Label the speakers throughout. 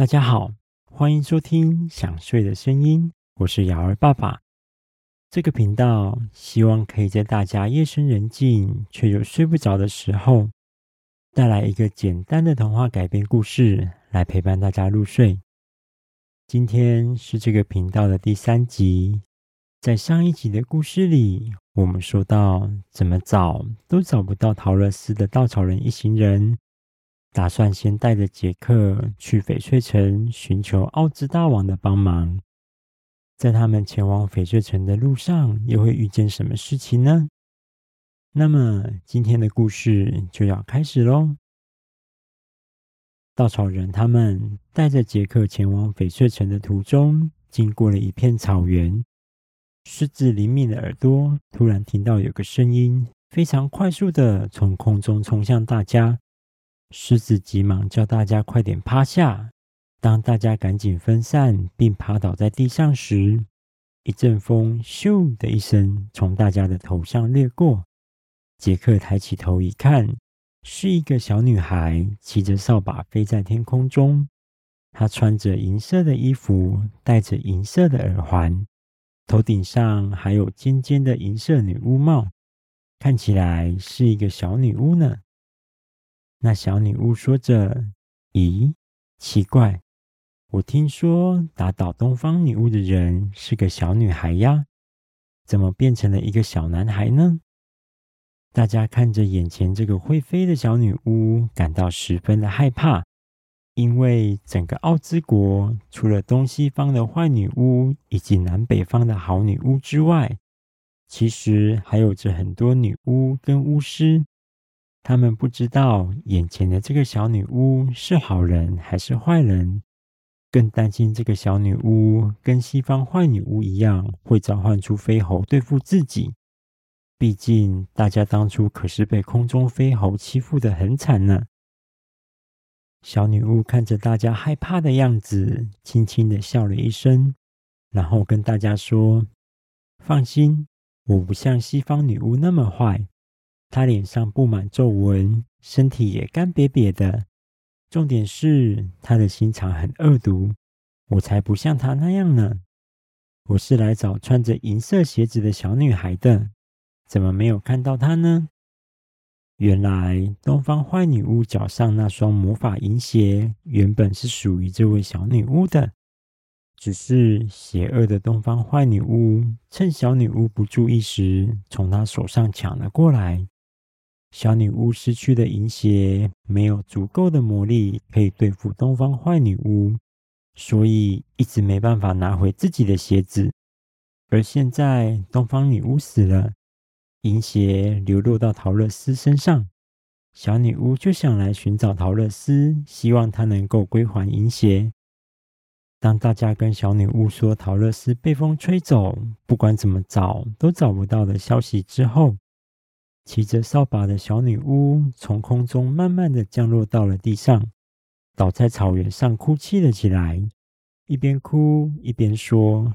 Speaker 1: 大家好，歡迎收聽《想睡的聲音》，我是堯兒爸爸。這個頻道希望可以在大家夜深人靜卻又睡不着的時候，帶來一個簡單的童話改編故事來陪伴大家入睡。今天是這個頻道的第三集，在上一集的故事裡，我們說到怎麼找都找不到桃樂絲的稻草人一行人。打算先帶着傑克去翡翠城尋求奧茲大王的幫忙。在他們前往翡翠城的路上，又會遇見什麼事情呢？那麼，今天的故事就要開始嘍。稻草人他們帶着傑克前往翡翠城的途中，經過了一片草原，獅子靈敏的耳朵突然聽到有個聲音，非常快速的從空中衝向大家。獅子急忙叫大家快點趴下。當大家趕緊分散並趴倒在地上時，一陣風咻的一聲從大家的頭上掠過。傑克抬起頭一看，是一個小女孩騎着掃把飛在天空中。她穿着銀色的衣服，戴着銀色的耳環，頭頂上還有尖尖的銀色女巫帽，看起來是一個小女巫呢。那小女巫說着：“咦，奇怪！我聽說打倒東方女巫的人是個小女孩呀，怎麼變成了一個小男孩呢？”大家看着眼前這個會飛的小女巫，感到十分的害怕，因為整個奧茲國除了東西方的壞女巫以及南北方的好女巫之外，其實還有着很多女巫跟巫師。他們不知道眼前的這個小女巫是好人還是壞人，更擔心這個小女巫跟西方壞女巫一樣會召喚出飛猴對付自己。畢竟大家當初可是被空中飛猴欺負的很慘呢。小女巫看着大家害怕的樣子，輕輕的笑了一聲，然後跟大家說：“放心，我不像西方女巫那麼壞。”她臉上布滿皺紋，身體也乾癟癟的。重點是她的心腸很惡毒，我才不像她那樣呢。我是來找穿着銀色鞋子的小女孩的，怎麼沒有看到她呢？原來東方壞女巫腳上那雙魔法銀鞋原本是屬於這位小女巫的，只是邪惡的東方壞女巫趁小女巫不注意時，從她手上搶了過來。小女巫失去的銀鞋，沒有足夠的魔力可以對付東方壞女巫，所以一直沒辦法拿回自己的鞋子。而現在東方女巫死了，銀鞋流落到桃樂絲身上，小女巫就想來尋找桃樂絲，希望她能夠歸還銀鞋。當大家跟小女巫說桃樂絲被風吹走，不管怎麼找都找不到的消息之後，騎着掃把的小女巫從空中慢慢地降落到了地上，倒在草原上哭泣了起來。一邊哭一邊說：“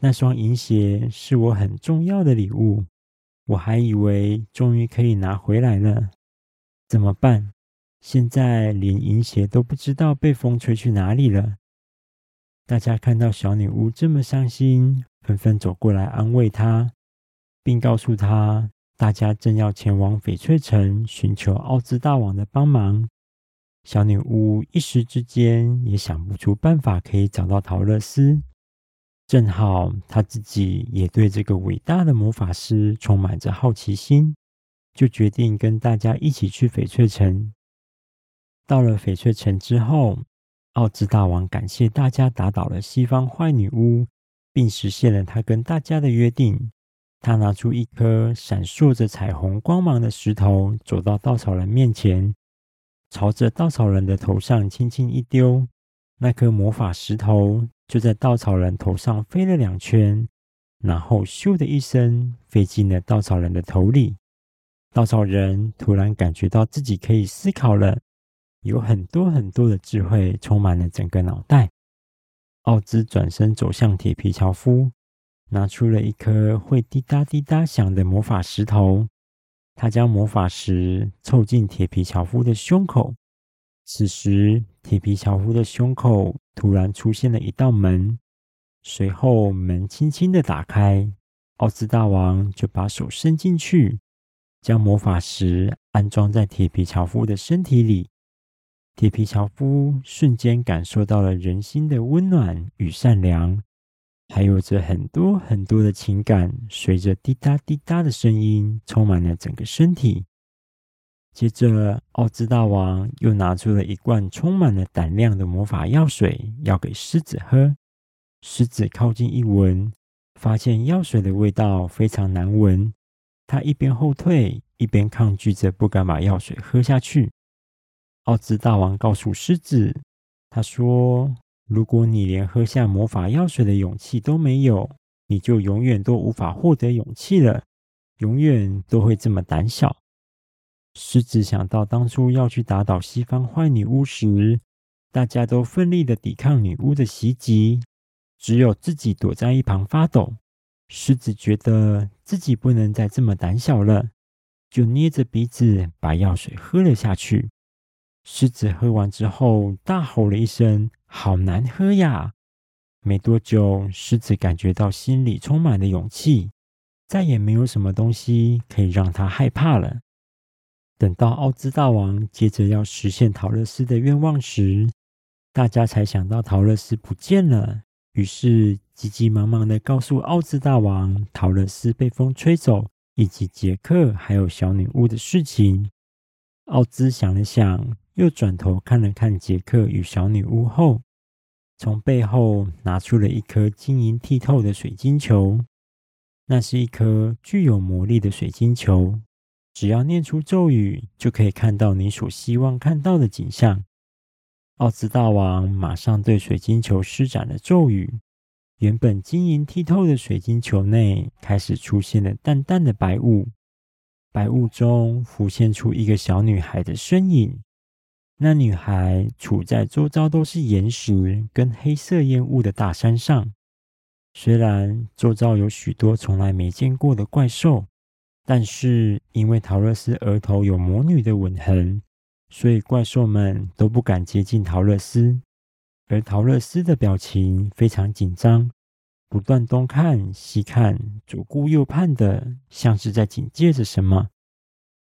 Speaker 1: 那雙銀鞋是我很重要的禮物，我還以為終於可以拿回來了。怎麼辦？現在連銀鞋都不知道被風吹去哪裡了。”大家看到小女巫這麼傷心，紛紛走過來安慰她，並告訴她。大家正要前往翡翠城尋求奧茲大王的幫忙，小女巫一時之間也想不出辦法可以找到桃樂絲。正好她自己也對這個偉大的魔法師充滿着好奇心，就決定跟大家一起去翡翠城。到了翡翠城之後，奧茲大王感謝大家打倒了西方壞女巫，並實現了他跟大家的約定。他拿出一顆閃爍着彩虹光芒的石頭，走到稻草人面前，朝着稻草人的頭上輕輕一丟，那顆魔法石頭就在稻草人頭上飛了兩圈，然後咻的一聲飛進了稻草人的頭裡。稻草人突然感覺到自己可以思考了，有很多很多的智慧充滿了整個腦袋。奧茲轉身走向鐵皮樵夫。拿出了一顆會滴答滴答響的魔法石頭，他將魔法石湊近鐵皮樵夫的胸口。此時，鐵皮樵夫的胸口突然出現了一道門，隨後門輕輕地打開。奧茲大王就把手伸進去，將魔法石安裝在鐵皮樵夫的身體裡。鐵皮樵夫瞬間感受到了人心的溫暖與善良。還有着很多很多的情感，隨着滴答滴答的聲音，充滿了整個身體。接着，奧茲大王又拿出了一罐充滿了膽量的魔法藥水，要給獅子喝。獅子靠近一聞，發現藥水的味道非常難聞，它一邊後退，一邊抗拒着，不敢把藥水喝下去。奧茲大王告訴獅子，他說，如果你連喝下魔法藥水的勇氣都沒有，你就永遠都無法獲得勇氣了，永遠都會這麼膽小。獅子想到當初要去打倒西方壞女巫時，大家都奮力的抵抗女巫的襲擊，只有自己躲在一旁發抖。獅子覺得自己不能再這麼膽小了，就捏着鼻子把藥水喝了下去。獅子喝完之後，大吼了一聲。好難喝呀！沒多久，獅子感覺到心裡充滿了勇氣，再也沒有什麼東西可以讓他害怕了。等到奧茲大王接着要實現桃樂絲的願望時，大家才想到桃樂絲不見了，於是急急忙忙的告訴奧茲大王桃樂絲被風吹走，以及傑克還有小女巫的事情。奧茲想了想。又轉頭看了看傑克與小女巫後，從背後拿出了一顆晶瑩剔透的水晶球。那是一顆具有魔力的水晶球，只要念出咒語，就可以看到你所希望看到的景象。奧茲大王馬上對水晶球施展了咒語，原本晶瑩剔透的水晶球內開始出現了淡淡的白霧，白霧中浮現出一個小女孩的身影。那女孩處在周遭都是岩石跟黑色煙霧的大山上，雖然周遭有許多從來沒見過的怪獸，但是因為桃樂絲額頭有魔女的吻痕，所以怪獸們都不敢接近桃樂絲。而桃樂絲的表情非常緊張，不斷東看西看，左顧右盼的，像是在警戒着什麼。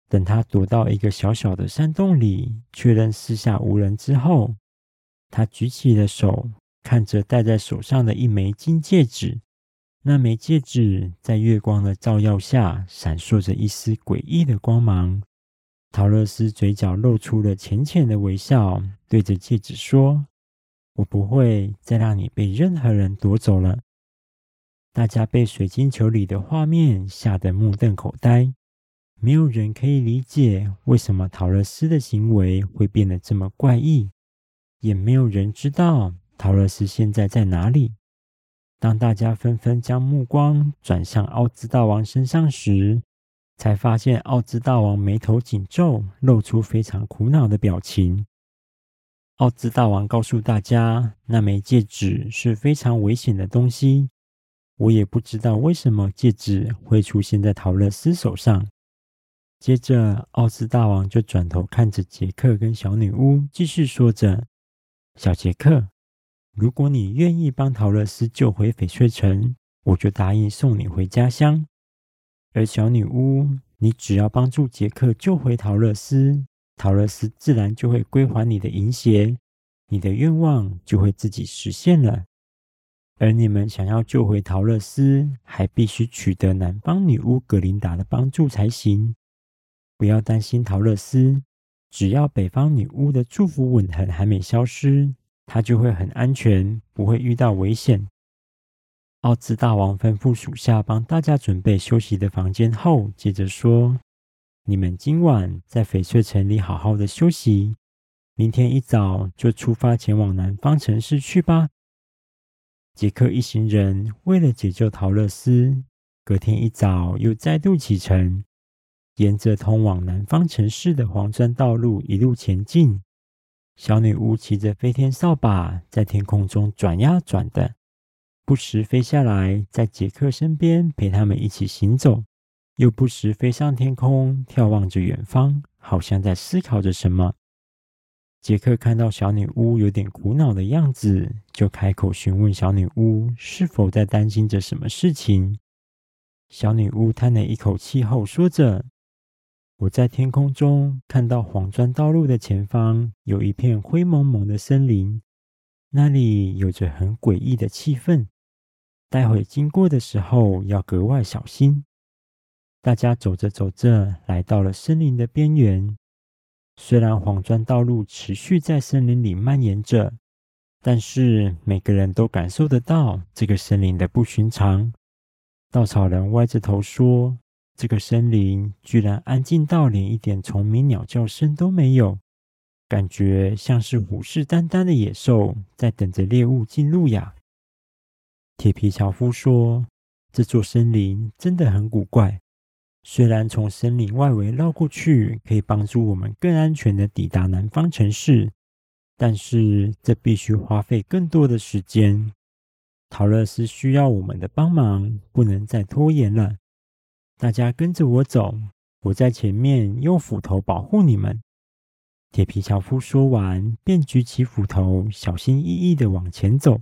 Speaker 1: 等他躲到一個小小的山洞裡，確認四下無人之後，他舉起了手，看着戴在手上的一枚金戒指。那枚戒指在月光的照耀下閃爍着一絲詭異的光芒。桃樂絲嘴角露出了淺淺的微笑，對着戒指說：“我不會再讓你被任何人奪走了。”大家被水晶球裡的畫面嚇得目瞪口呆。沒有人可以理解為什麼桃樂絲的行為會變得這麼怪異，也沒有人知道桃樂絲現在在哪裡。當大家紛紛將目光轉向奧茲大王身上時，才發現奧茲大王眉頭緊皺，露出非常苦惱的表情。奧茲大王告訴大家，那枚戒指是非常危險的東西，我也不知道為什麼戒指會出現在桃樂絲手上。接着，奧茲大王就轉頭看着杰克跟小女巫，繼續說着：“小杰克，如果你願意幫桃樂絲救回翡翠城，我就答應送你回家鄉；而小女巫，你只要幫助杰克救回桃樂絲，桃樂絲自然就會歸還你的銀鞋，你的願望就會自己實現了。而你們想要救回桃樂絲，還必須取得南方女巫格林達的幫助才行。”不要擔心，桃樂絲，只要北方女巫的祝福吻痕還沒消失，她就會很安全，不會遇到危險。奧茲大王吩咐屬下幫大家準備休息的房間後，接着說：“你們今晚在翡翠城裡好好的休息，明天一早就出發前往南方城市去吧。”傑克一行人為了解救桃樂絲，隔天一早又再度啟程。沿着通往南方城市的黃磚道路一路前進，小女巫騎着飛天掃把在天空中轉呀轉的，不時飛下來在傑克身邊陪他們一起行走，又不時飛上天空眺望着遠方，好像在思考着什麼。傑克看到小女巫有點苦惱的樣子，就開口詢問小女巫是否在擔心着什麼事情。小女巫嘆了一口氣後，說着。我在天空中看到黃磚道路的前方有一片灰濛濛的森林，那裡有着很詭異的氣氛。待會經過的時候要格外小心。大家走着走着來到了森林的邊緣，雖然黃磚道路持續在森林裡蔓延着，但是每個人都感受得到這個森林的不尋常。稻草人歪着頭說。這個森林居然安靜到連一點蟲鳴鳥叫聲都沒有，感覺像是虎視眈眈的野獸在等着獵物進入呀。鐵皮樵夫說：“這座森林真的很古怪。雖然從森林外圍繞過去可以幫助我們更安全地抵達南方城市，但是這必須花費更多的時間。桃樂絲需要我們的幫忙，不能再拖延了。”大家跟着我走，我在前面用斧頭保護你們。”鐵皮樵夫說完，便舉起斧頭，小心翼翼的往前走。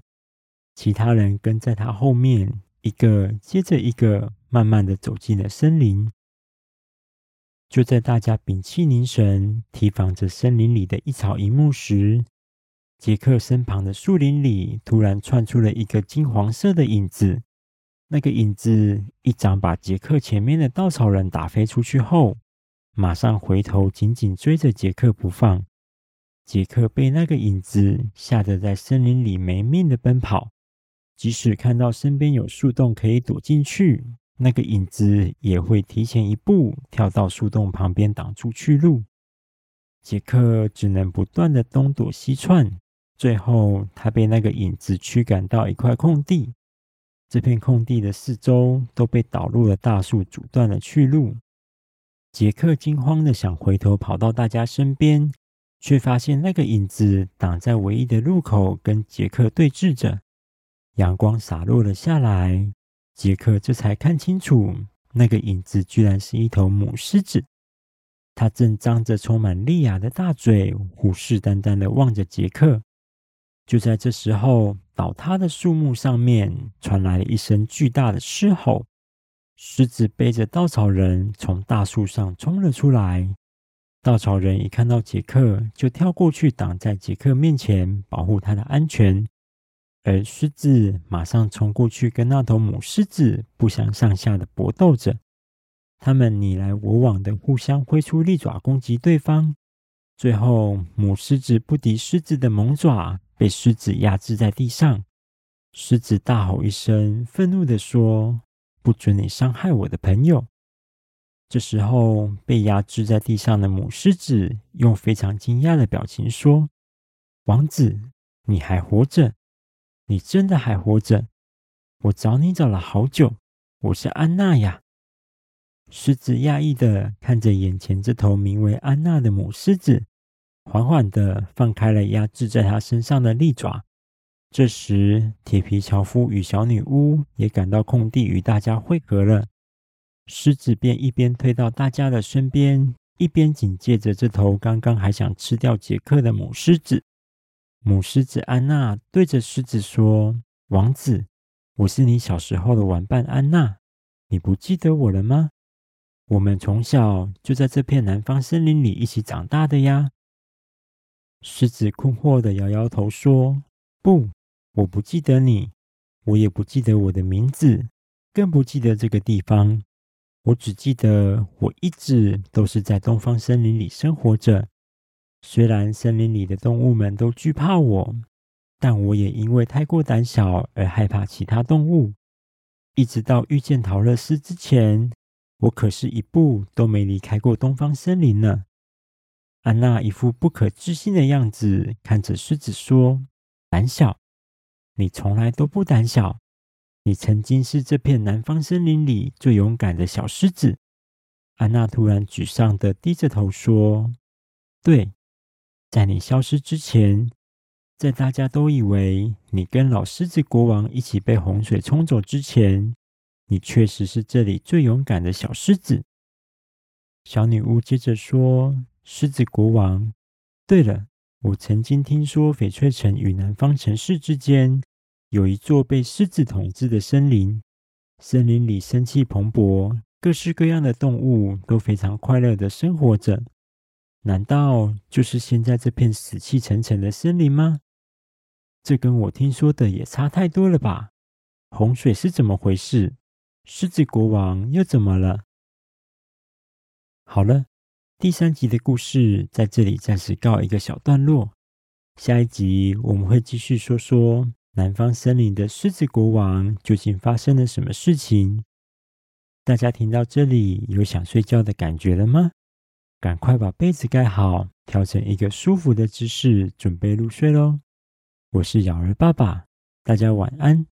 Speaker 1: 其他人跟在他後面，一個接着一個，慢慢的走進了森林。就在大家屏氣凝神，提防着森林裡的一草一木時，杰克身旁的樹林裡突然竄出了一個金黃色的影子。那個影子一掌把杰克前面的稻草人打飛出去後，馬上回頭緊緊追着傑克不放。杰克被那個影子嚇得在森林裡沒命的奔跑，即使看到身邊有樹洞可以躲進去，那個影子也會提前一步跳到樹洞旁邊擋住去路。傑克只能不斷的東躲西竄，最後他被那個影子驅趕到一塊空地。這片空地的四周都被倒落的大樹阻斷了去路。傑克驚慌的想回頭跑到大家身邊，卻發現那個影子擋在唯一的路口，跟傑克對峙着。陽光灑落了下來，傑克這才看清楚，那個影子居然是一頭母獅子，他正張着充滿利牙的大嘴，虎視眈眈的望着傑克。就在這時候。倒塌的樹木上面傳來了一聲巨大的獅吼，獅子背着稻草人從大樹上衝了出來。稻草人一看到傑克，就跳過去擋在傑克面前，保護他的安全。而獅子馬上衝過去，跟那頭母獅子不相上下的搏鬥着。他們你來我往的互相揮出利爪攻擊對方，最後母獅子不敵獅子的猛爪。被獅子壓制在地上，獅子大吼一聲，憤怒的說：“不准你傷害我的朋友！”這時候，被壓制在地上的母獅子用非常驚訝的表情說：“王子，你還活着？你真的還活着？我找你找了好久。我是安娜呀！”獅子訝異的看着眼前這頭名為安娜的母獅子。緩緩地放開了壓制在他身上的利爪。這時，鐵皮樵夫與小女巫也趕到空地，與大家會合了。獅子便一邊退到大家的身邊，一邊警戒著這頭剛剛還想吃掉傑克的母獅子。母獅子安娜對着獅子說：“王子，我是你小時候的玩伴安娜，你不記得我了嗎？我們從小就在這片南方森林裡一起長大的呀。”獅子困惑的搖搖頭說：“不，我不記得你，我也不記得我的名字，更不記得這個地方。我只記得我一直都是在東方森林裡生活着。雖然森林裡的動物們都懼怕我，但我也因為太過膽小而害怕其他動物。一直到遇見桃樂絲之前，我可是一步都沒離開過東方森林呢。”安娜一副不可置信的樣子看着獅子說：“膽小？你從來都不膽小。你曾經是這片南方森林裡最勇敢的小獅子。”安娜突然沮喪地低着頭說：“對，在你消失之前，在大家都以為你跟老獅子國王一起被洪水沖走之前，你確實是這裡最勇敢的小獅子。”小女巫接着說。獅子國王，對了，我曾經聽說翡翠城與南方城市之間有一座被獅子統治的森林，森林裡生氣蓬勃，各式各樣的動物都非常快樂的生活着。難道就是現在這片死氣沉沉的森林嗎？這跟我聽說的也差太多了吧？洪水是怎麼回事？獅子國王又怎麼了？好了。第三集的故事在這裡暫時告一個小段落，下一集我們會繼續說說南方森林的獅子國王究竟發生了什麼事情。大家聽到這裡有想睡覺的感覺了嗎？趕快把被子蓋好，調成一個舒服的姿勢，準備入睡嘍。我是堯兒爸爸，大家晚安。